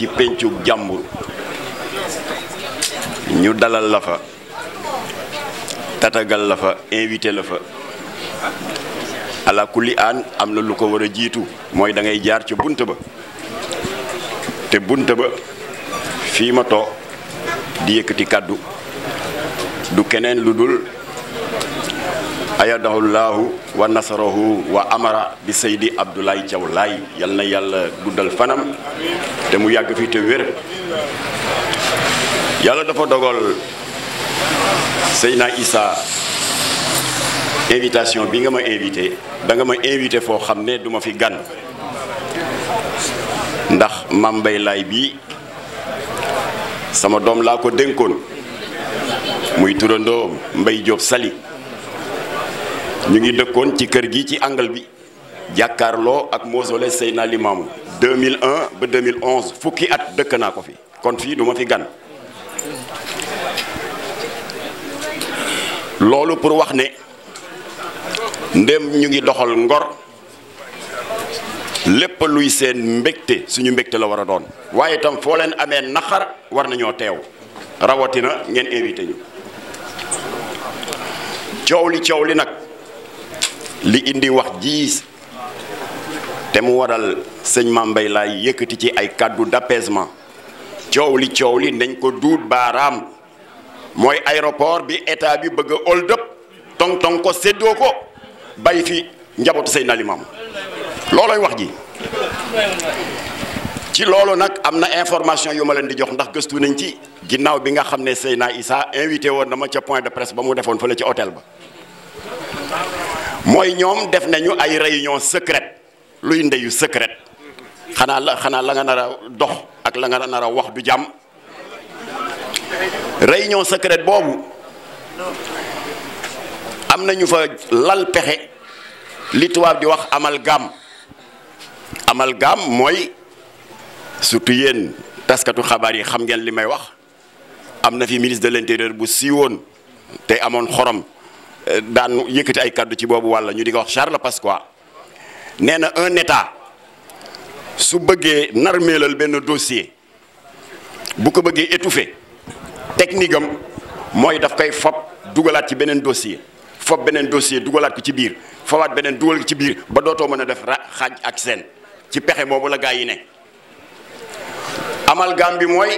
ci péncub jàmbur ñu dalal la fa tatagal la fa invité la fa ala aan am na lu ko war a jiitu mooy dangay jaar ci bunt ba te bunt ba fii ma toog di yëkkati kàddu du keneen lu dul ayadahu wa nasarahu wa amara di Seydi Abdoulaye Thiaw yal na yàlla guddal fanam te mu yàgg fi te wér yàlla dafa dogal Seydina Issa invitation bi nga ma invité danga ma invité foo xam ne duma fi gan ndax Mame Mbaye Laye bi sama doom laa ko dénkoon muy turandoom Mbaye Diop Sali ñu ngi dëkkoon ci kër gi ci angle bi jàkkaarloo ak mausolée Seydina Limamou 2001 ba 2011 fukki at dëkk naa ko fi kon fii du ma fi gan loolu pour wax ne ndem ñu ngi doxal ngor lépp luy seen mbégte suñu mbegte la war a doon waaye itam foo leen amee naqar war nañoo teew rawatina ngeen invité ñu coow li coow li nag. li indi wax ji te mu waral sëñ Mame Mbaye laay yëkkati ci ay kàddu d'apaisement coow li coow li nañ ko duut baaraam mooy aéroport bi état bi bëgg a hold up tong tong ko séddoo ko bay fi njabootu Seydina Limaamu loolooy wax ji ci loolu nag am na information yu ma leen di jox ndax gëstu nañ ci ginnaaw bi nga xam ne naa Issa invité woon na ma ca point de presse ba mu defoon fële ci hôtel ba mooy ñoom def nañu ay réunion secrète luy ndeyu secrète xanaa la xanaa la nga nar a dox ak la nga nar a wax du jàmm réunion secrète boobu am nañu fa lal pexe li tubaab di wax amal amal amalgame mooy surtout yéen taskatu xabaar yi xam ngeen li may wax am na fi ministre de l'intérieur bu siiwoon te amoon xorom daan yëkkati ay kàddu ci boobu wàlla ñu di ko wax Charles Pasqua nee na un état su bëggee narmeelal benn dossier bu ko bëggee étouffer technique am mooy daf koy fab dugalaat ci beneen dossier fob beneen dossier dugalaat ko ci biir fobaat beneen dugal ko ci biir ba dootoo mën a def xaaj ak seen ci pexe moomu la gaa yi ne amalgame bi mooy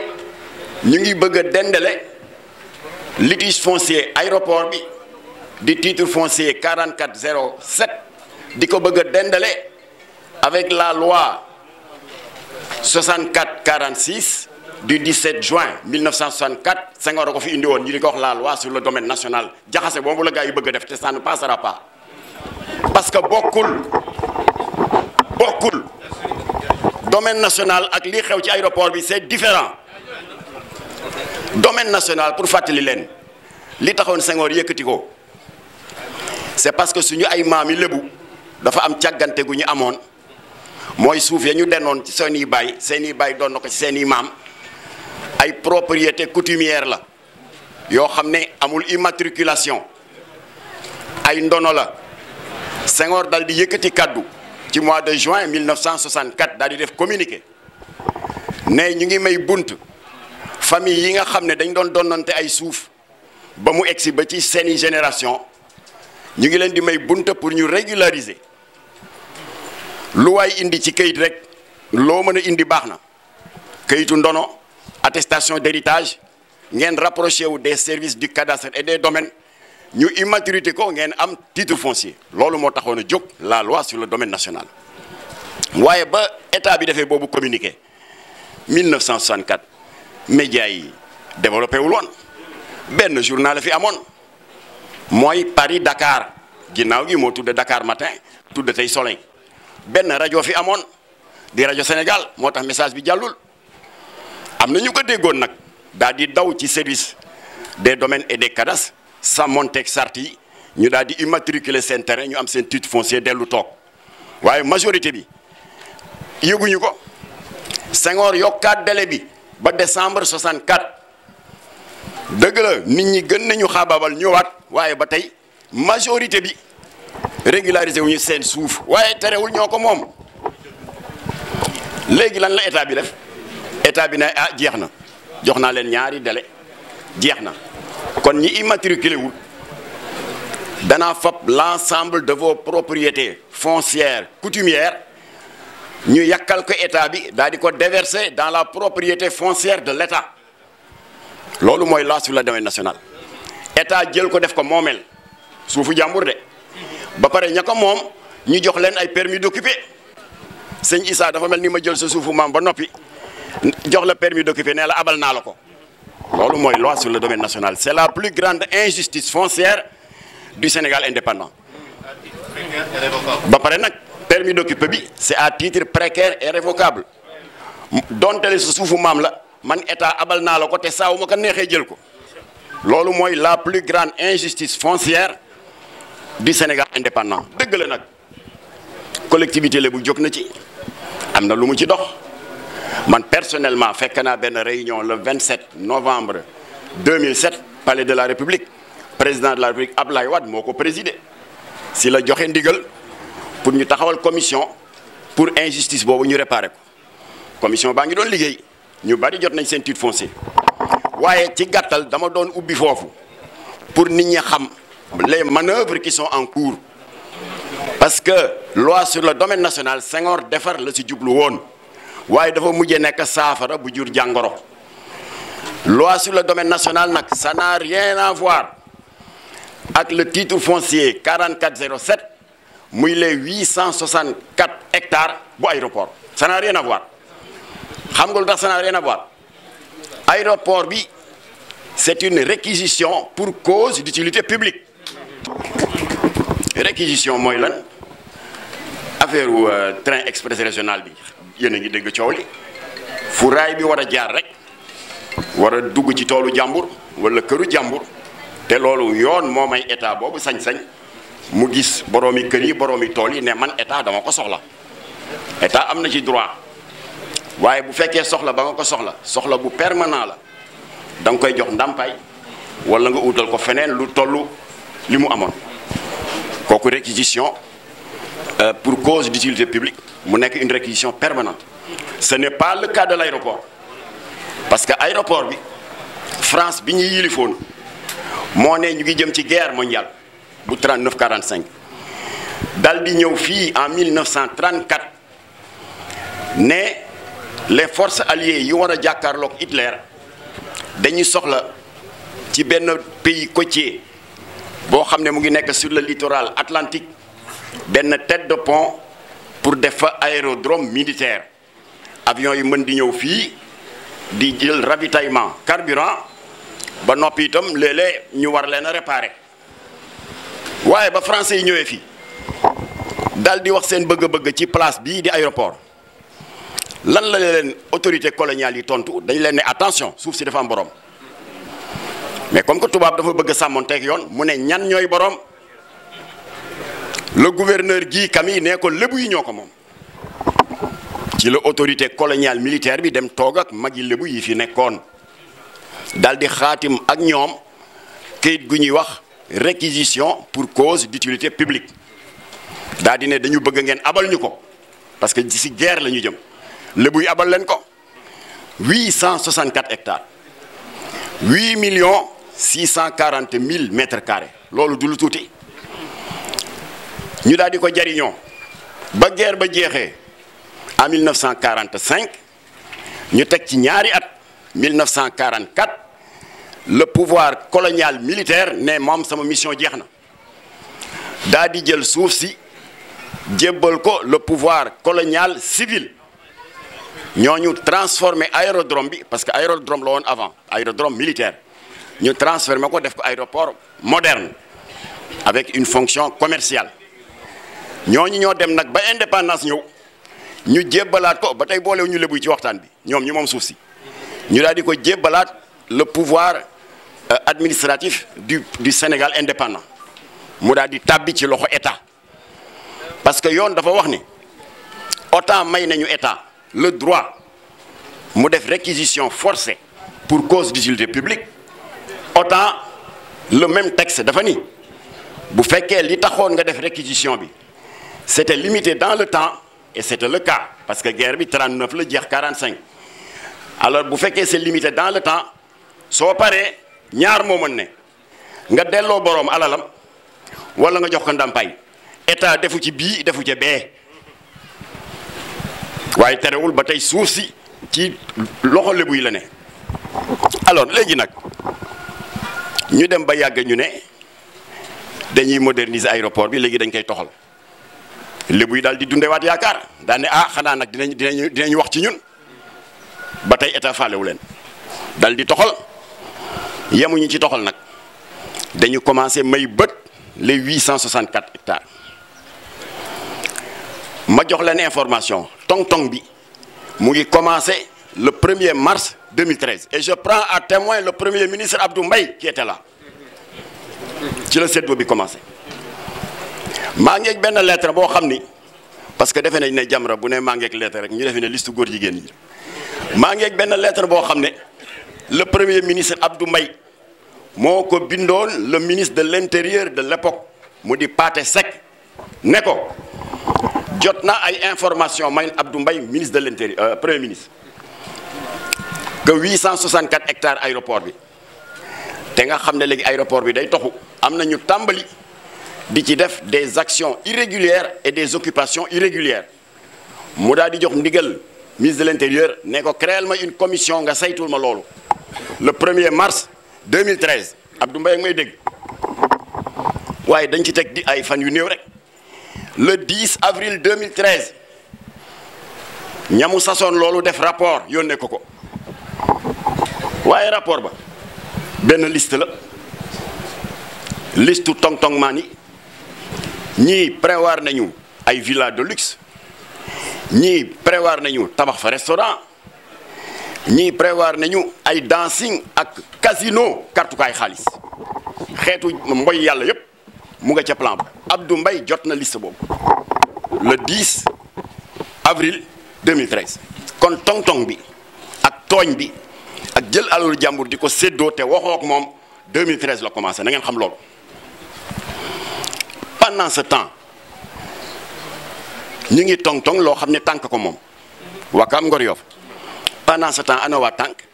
ñu ngi bëgg a dendale litige foncier aéroport bi di titre foncier 4407 di ko bëgg a dendale avec la loi 64 46 du 17 juin 1964 Senghor a ko fi indi woon ñu di ko wax la loi sur le domaine national jaxase boobu la gars yi bëgg a def te ça ne passera parce que bokkul bokkul domaine national ak lii xew ci aéroport bi c'est différent domaine national pour fàttali leen li taxoon Senghor yëkkati ko. c'est parce que suñu ay maam yi lébu dafa am càggante gu ñu amoon mooy suuf ya ñu denoon ci seen i baay seeni i baay doon na ko ci seen i maam ay propriété coutumière la yoo xam ne amul immatriculation ay ndono la Senghor dal di yëkkati kàddu ci mois de juin 1964 daal di def communiqué ne ñu ngi may bunt famille yi nga xam ne dañ doon donnante ay suuf ba mu egsi ba ci seeni génération ñu ngi leen di may bunta pour ñu régulariser lu waay indi ci këyit rek loo mën a indi baax na kayitu ndono attestation d'héritage ngeen rapproché wu des services du cadastre et des domaines ñu immaturité ko ngeen am titre foncier loolu moo taxoon a jóg la loi sur le domaine national waaye ba état bi defee boobu communiqué 1964 médias yi développé wul woon benn journal la fi amoon. mooy Paris dakaar ginaaw gi moo tudde Dakar matin tudde tey soleil benn rajo fi amoon di rajo Sénégal moo tax message bi jàllul am na ñu ko déggoon nag daal di daw ci service des domaines et des cadastres sa monteeg sart yi ñu daal di immatriculer seen terrain ñu am seen titre foncier dellu toog waaye majorité bi yëguñu ko Senghor yokkaat délai bi ba décembre dëgg la nit ñi gën nañu xaabaabal ñëwaat waaye ba tey majorité bi régularisé wu ñu seen suuf waaye terewul ñoo ko moom léegi lan la état bi def état bi ne ah jeex na jox naa leen ñaari dele jeex na kon ñi immatriculé wul danaa fab l'ensemble de vos propriétés foncières coutumières ñu yàkkal ko état bi daal di ko déverser dans la propriété foncière de l'État loolu mooy loi sur la domaine national état jël ko def ko moomeel suufu jàmbur de ba pare ña moom ñu jox leen ay permis d'occuper sëñ Issa dafa mel ni ma jël sa suufu maam ba noppi jox la permis d'occuper nee la abal naa la ko loolu mooy loi sur le domaine national c'est la plus grande injustice foncière du Sénégal indépendant ba pare nag permis d'occuper bi c'est à titre précaire et révocable donte le sa suufu maam la man état abal naa la ko te saawu ma ko neexee jël ko loolu mooy la plus grande injustice foncière du Sénégal indépendant dëgg la nag collectivité la bu jóg na ci am na lu mu ci dox man personnellement fekk naa benn réunion le 27 novembre 2007 palais de la république président de la république ab Ablaye Wade moo ko présidé si la joxe ndigal pour ñu taxawal commission pour injustice boobu ñu réparer ko commission baa ngi doon liggéey. ñu bari jot nañ seen titre foncier waaye ci gàttal dama doon ubbi foofu pour nit ñi xam les manœuvres qui sont en cours parce que loi sur le domaine national Senghor defar la si jublu woon waaye dafa mujje nekk saafara bu jur jàngoro loi sur le domaine national nag ça n'a rien à voir ak le titre foncier 4407 muy les 864 hectares bu aéroport ça n'a rien à voir xam nga lu tax ça n'a rien à aéroport bi c'est une réquisition pour cause d'utilité publique réquisition mooy lan affaire wu euh, train express régional bi yéen a ngi dégg coow li fu raay bi war a jaar rek war a dugg ci toolu jàmbur wala këru jàmbur te loolu yoon moo may état boobu sañ-sañ mu gis boroomi kër yi boroomi tool yi ne man état dama ko soxla état am na ci droit. waaye bu fekkee soxla ba nga ko soxla soxla bu permanent la da nga koy jox ndàmpaay wala nga utal ko feneen lu toll li mu amoon kooku réquisition euh, pour cause d'utilité publique mu nekk une réquisition permanente ce n'est pas le cas de l'aéroport parce que aéroport bi France bi ñuy yilifoon moo ne ñu ngi jëm ci guerre mondiale bu 39 45 dal di ñëw fii en 1934 ne les forces alliées yu war a jàkkaarloog Hitler dañuy soxla ci benn pays côtier boo xam ne mu ngi nekk sur le littoral atlantique benn tête de pont pour def fa aérodrome militaire avion yi mën di ñëw fii di jël ravitaillement carburant ba noppi itam léeg-léeg ñu war leen a réparer waaye ba français yi ñëwee fii daal di wax seen bëgg-bëgg ci place bii di aéroport. lan la leen autorité coloniale yi tontu dañ leen ne attention suuf si dafa am borom mais comme que tubaab dafa bëgg sàmmonteeg yoon mu ne ñan ñooy borom le gouverneur Guy Camille ne ko lébu yi ñoo ko moom ci la autorité coloniale militaire bi dem toog ak mag yi lébu yi fi nekkoon dal di xaatim ak ñoom kayit gu ñuy wax réquisition pour cause d'utilité publique daal di ne dañu bëgg ngeen abal ñu ko parce que ci guerre la ñu jëm. lébu yi abal leen ko 864 hectares 8 millions 640 mille mètres carrés loolu du lu tuuti ñu daal di ko jariñoo ba guerre ba jeexee en 1945 ñu teg ci ñaari at 1944 le pouvoir colonial militaire ne moom sama mission jeex na daal di jël suuf si jébbal ko le pouvoir colonial civil. ñooñu transformé aérodrome bi parce que aérodrome la woon avant aérodrome militaire ñu transformé ko def ko aéroport moderne avec une fonction commerciale ñooñu ñoo dem nag ba indépendance ñëw ñu jébbalaat ko ba tey boolewu ñu lébu ci waxtaan bi ñoom ñu moom suuf si ñu daal di ko jébbalaat le pouvoir euh, administratif du du Sénégal indépendant mu daal di tàbbi ci loxo état parce que yoon dafa wax ni autant may nañu état. le droit mu def réquisition forcée pour cause d'utilité publique autant le même texte dafa ni bu fekkee li taxoon nga def réquisition bi c'était limité dans le temps et c'était le cas parce que guerre bi 39 la jeex cinq alors bu fekkee c'est limité dans le temps soo paree ñaar moo mën ne nga delloo boroom alalam walla nga jox ko ndàmpaay état defu ci bii defu ci bee waaye terewul ba tey suuf si ci loxo lébu yi la ne alors léegi nag ñu dem ba yàgg ñu ne dañuy moderniser aéroport bi léegi dañ koy toxal lébu yi daal di dundewaat yaakaar daan ne ah xanaa nag dinañ dinañ dinañ wax ci ñun ba tey état faalewu leen daal di toxal yemuñu ci toxal nag dañu commencé may bët les 864 hectares ma jox leen information tong-tong bi mu ngi commencé le premier mars 2013 et je prends à témoin le premier ministre Abdou Mbaye qui était là ci la séddoo bi commencé maa ngeeg benn lettre boo xam ni parce que defe nañ ne Jamra bu ne maa ngeeg lettre rek ñu defe ne liste góor jigéen maa ngeeg benn lettre boo xam ne le premier ministre Abdou mbay moo ko bindoon le ministre de l'intérieur de l'époque mu di Pathé Seck ne ko jot na ay information may Abdou Mbaye ministre de l'intérieur euh, premier ministre que 864 hectares aéroport bi te nga xam ne léegi aéroport bi day toxu am na ñu tàmbali di ci def des actions irrégulières et des occupations irrégulières mu daal di jox ndigal ministre de l'intérieur ne ko créel ma une commission nga saytul ma loolu le 1er mars 2013 Abdou Mbaye ak may dégg waaye dañ ci teg di ay fan yu néew rek le 10 avril 2013 ñamu sasoon loolu def rapport yónnee ko ko waaye rapport ba benn liste la liste tong-tong maan yi ñii prévoir nañu ay villa de luxe ñii prévoir nañu tabax fa restaurant ñii prévoir nañu ay dancing ak casino kartukaay xaalis xeetu mboy yàlla yépp mu nga ca plan ba Abdou mbay jot na liste boobu le 10 avril 2013 kon tong-tong bi ak tooñ bi ak jël alalu jàmbur di ko séddoo te waxoo ak moom 2013 la commencé na ngeen xam loolu pendant ce temps ñu ngi tong-tong loo xam ne tànk ko moom Wakam Ngor Yoff pendant ce temps ana waa tànk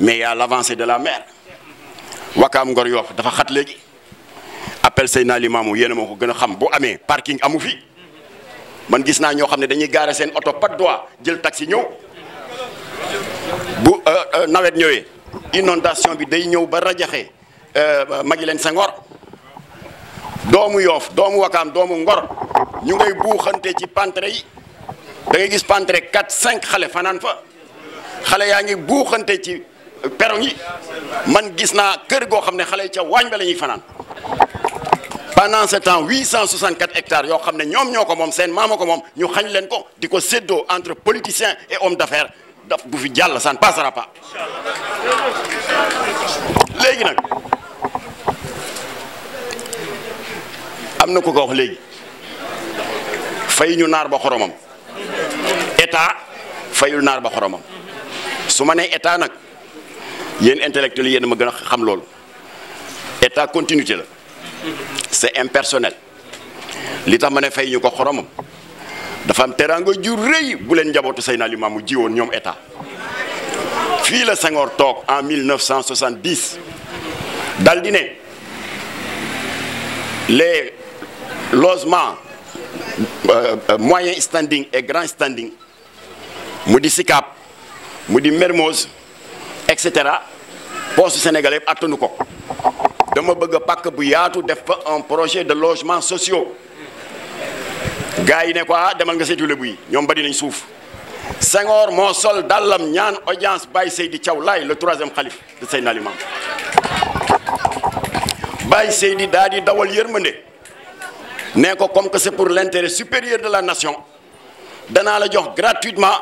mais y a l'avancée de la mer Wakam Ngor Yoff dafa xat léegi appel Seydina Limamou yéen a moo ko gën a xam bu amee parking amu fi man gis naa ñoo xam ne dañuy gaare seen oto pas droit jël taxi ñëw bu euh, euh, nawet ñëwee inondation bi day ñëw ba rajaxe euh, leen Senghor doomu Yoof doomu Wakaam doomu Ngor ñu ngay buuxante ci pantre yi dangay ngay gis pantre 4 5 xale fanaan fa xale yaa ngi buuxante ci perron yi man gis naa kër goo xam ne xale yi ca waañ ba la fanaan pendant ce temps 864 hectares yoo xam ne ñoom ñoo ko moom seen maama ko moom ñu xañ leen ko di ko séddoo entre politiciens et hommes d'affaires daf bu fi jàll ça ne passera pas léegi nag am na ku ko wax léegi fay ñu naar ba xoromam état fayul naar ba xoromam su ma nee état nag yéen intellectuels yéen ma gën a xam loolu état continuité la c'est impersonnel li tax ma ne fay ñu ko xoromam dafa am teraanga ju rëy bu leen njabootu Seydina Limaamu ji woon ñoom état fii la Senghor toog en 1970 dal di ne les logements euh, euh, moyen standing et grand standing mu di Sicap mu di Mermoz et cetera poste sénégalais attanu ko. dama bëgg a pàkk bu yaatu def fa un projet de logement sociaux gars yi ne ko ah demal nga seetu lébu yi ñoom bari nañ suuf Senghor moo sol dàllam ñaan audience sey Seydi Thiaw Laye le troisième xalif de Seydina Limamou Baye Seydi daa di dawal yërmande ne ko comme que c'est pour l'intérêt supérieur de la nation danaa la jox gratuitement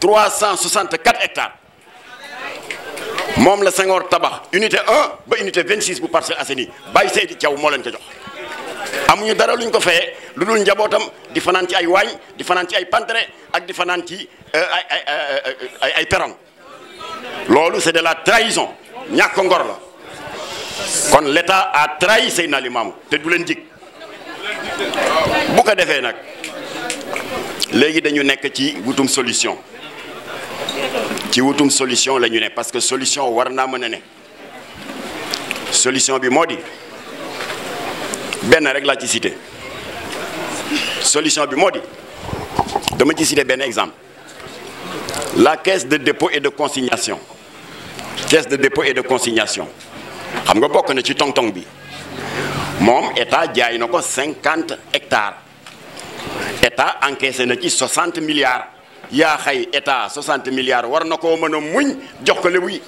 364 hectares moom la Senghor tabax unité 1 ba unité 26 bu Parcelles Assainies Baye Seydi Thiaw moo leen ko jox amuñu dara luñ ko fayee lu dul njabootam di fanaan ci ay waañ di fanaan ci ay pantere ak di fanaan ci euh, ay ay euh, ay perron loolu c'est de la trahison ñàkk ngor la kon l'État a trahi Seydina Limamou te du leen jig bu ko defee nag léegi dañu nekk ci wutum solution ci wutum solution la ñu ne parce que solution war naa mën a ne solution bi moo di benn rek laa ci cité solution bi moo di dama ci cité benn exemple la caisse de dépôt et de consignation caisse de dépôt et de consignation xam nga bokk na ci tong-tong bi moom état jaay na ko cinquante hectares état encaissé na ci soixante milliards. yaa xay état 60 milliards war na koo mën a muñ jox ko lébu yi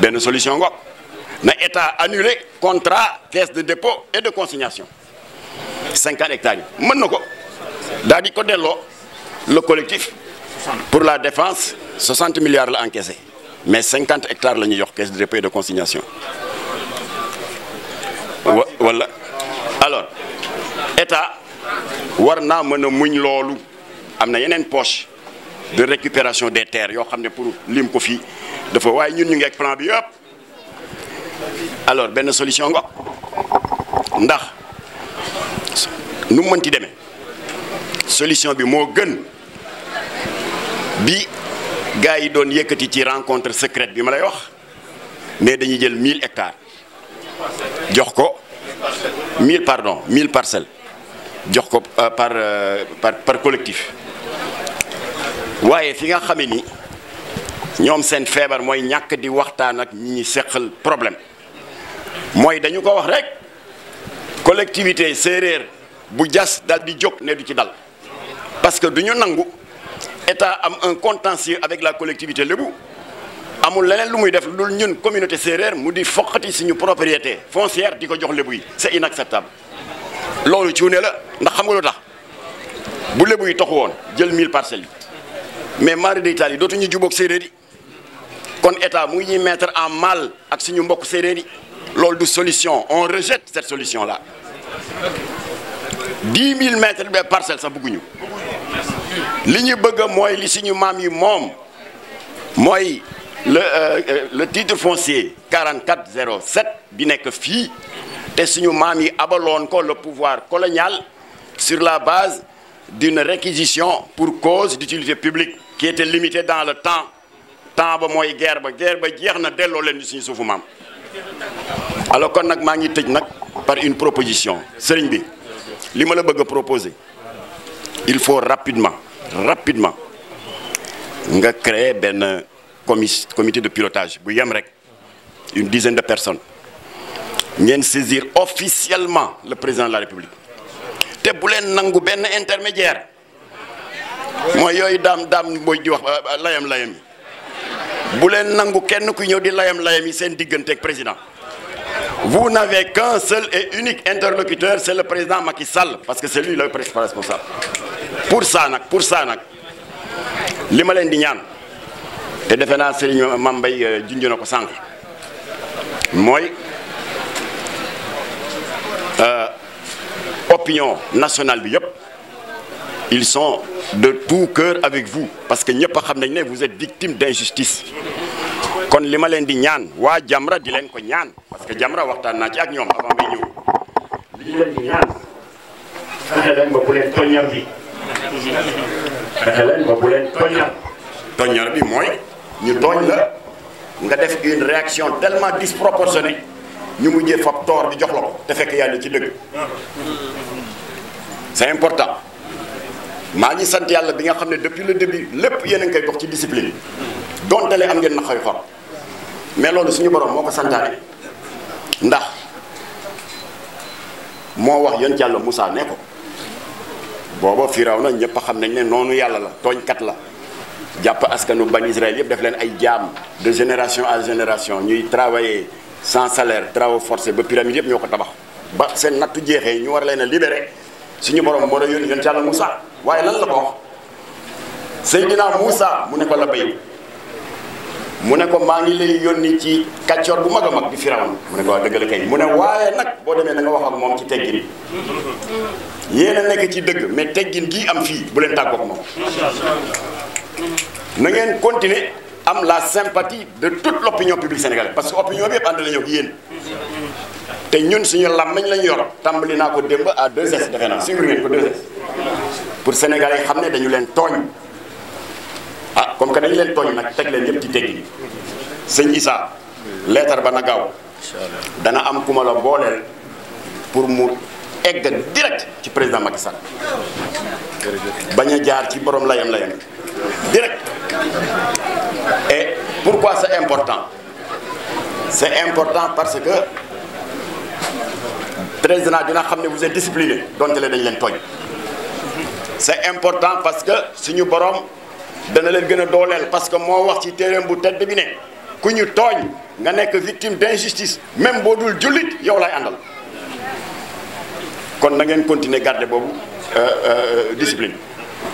benn solution ngoog na état annulé contrat caisse de dépôt et de consignation 50 yi mën na ko daal di ko delloo le collectif pour la défense 60 milliards la encaissé mais 50 hectares la ñuy jox caisse de dépôt et de consignation wala alors état war naa mën a muñ loolu am na yeneen poche de récupération des terres yoo xam ne pour lim ko fii dafa waaye ñun ñu ngi ak plan bi yëpp alors benn solution nga ndax nu mënti demee solution bi moo gën bi gars yi doon yëkkati ci rencontre secrète bi ma lay wax mais dañuy jël 1000 hectares jox ko 1000 pardon 1000 parcelles jox ko euh, par euh, par par collectif. waaye fi nga xamee nii ñoom seen feebar mooy ñàkk di waxtaan ak ñu ñi seqal problème mooy dañu ko wax rek collectivité séeréer bu jas dal di jóg ne du ci dal parce que du ñu nangu état am un contentieux avec la collectivité lébu amul leneen lu muy def lu ñun communauté séeréer mu di foqati suñu propriété foncière di ko jox lébu yi c'est inacceptable loolu ci wu ne la ndax xam nga lu tax bu lébu yi toxu woon jël mille parcelles yi mais mari day taal dootuñu jubóog séeréer yi kon état mu ngi ñuy mettre en mal ak suñu mbokk séeréer yi loolu du solution on rejette cette solution là dix mille mètres de parcelle sax bëgguñu li ñu bëgg mooy li suñu maam yi moom mooy le euh, euh, le titre foncier 4407 bi nekk fii te suñu maam yi abaloon ko le pouvoir colonial sur la base d'une réquisition pour cause d'utilité publique qui était limité dans le temps temps ba mooy guerre ba guerre ba jeex na delloo leen ñu suñu suufu maam alors kon nag maa ngi tëj nag par une proposition sëriñ bi li ma la bëgg proposé il faut rapidement rapidement nga créer benn comi comité de pilotage bu yem rek une dizaine de personnes ngeen saisir officiellement le président de la république te bu leen nangu benn intermédiaire mooy yooyu daam daam mooy di wax euh, layam layam yi bu leen nangu kenn ku ñëw di layam layam yi seen diggante ak président vous n'avez qu'un seul et unique interlocuteur c'est le président Macky Sall parce que c'est lui le principal responsable pour ça nag pour ça nag li ma leen di ñaan te defe naa Serigne Mame Mbaye euh, junj na ko sànq mooy euh, opinion nationale bi yëpp. ils sont de tout cœur avec vous parce que ñëpp a xam nañ ne vous êtes victime d'injustice kon li ma leen di ñaan waa Jamra di leen ko ñaan parce que Jamra waxtaan naa ci ak ñoom avant may ñëw li ñu bi fexe leen ba bu leen bi mooy ñu tooñ la nga def une réaction tellement disproportionnée ñu mujjee fab toor di jox la ko te fekk yàlla ci dëgg c'est important maa ñi sant yàlla bi nga xam ne depuis le début lépp yéen a ngi koy dox ci discipline dontale am ngeen na xay xol mais loolu suñu borom moo ko santaane ndax moo wax yonent yàlla Moussa ne ko booba Firawna ñëpp xam nañ ne noonu yàlla la tooñkat la jàpp askanu ban Israël yëpp def leen ay jaam de génération à génération ñuy travailler sans salaire travaux forcés ba pyramide yëpp ñoo ko tabax ba seen nattu jeexee ñu war leen a suñu borom moo doon yónni yónni yàlla Moussa waaye lan la ko wax Seydina Moussa mu ne ko la béy mu ne ko maa ngi lay nii ci kàccoor bu mag a mag di Firawna mu ne ko wax dëgg la kay mu ne waaye nag boo demee da wax ak moom ci teggin yéen a nekk ci dëgg mais teggin gii am fii bu leen tàggoog moom na continuer am la sympathie de toute l' opinion publique sénégalaise parce que opinion bi yëpp ànd la ñëw te ñun suñu làmmiñ lañ yor tàmbali naa ko démb à 2S defe naa suivre ngeen ko 2 pour sénégal yi xam ne dañu leen tooñ a ah comme que dañu leen tooñ nag teg leen yëpp ci teggi sëñ Issa leetar ba na gaaw dana am kuma la booleel pour mu egg direct ci président Macky Sall bañ a jaar ci borom layam layam direct et pourquoi c'est important c'est important parce que président dina xam ne vous êtes discipliné donte le dañ leen tooñ c'est important parce que suñu borom dana leen gën a dooleel parce que moo wax ci téeréem bu tedd bi ne ku ñu tooñ nga nekk victime d'injustice même boo dul jullit yow lay àndal kon na ngeen continuer garder boobu euh, euh, discipline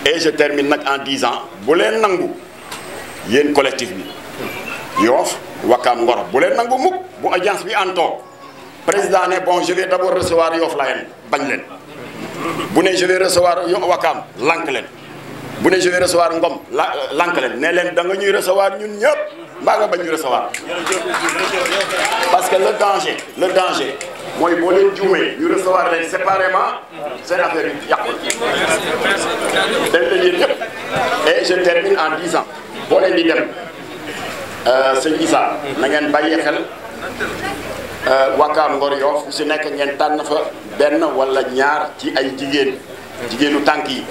et termine nag en disant bu leen nangu yéen collectif bi yoo Wakaam Ngor bu leen nangu mukk bu agence bi antoo président ne bon je vais d'abord recevoir Yoff Layène bañ leen bu ne je vais recevoir Wakaam lank leen bu ne je vais recevoir Ngom la lank leen ne leen da nga ñuy recevoir ñun ñëpp mbaa nga bañ ñu recevoir parce que le danger le danger mooy boo leen juumee ñu recevoir leen séparément seen affaire yi yàqul dañ et je termine en disant boo leen di dem euh, sëñ Issa na ngeen xel Euh, Wakaam Ngor Yoff fu si nekk ngeen tànn fa benn wala ñaar ci ay jigéen jigéenu tànk yi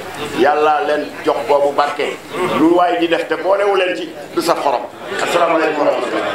yàlla leen jox boobu barke lu waaye di def te boolewu leen ci du saf xorom asalaamaaleykum wa rahmatulah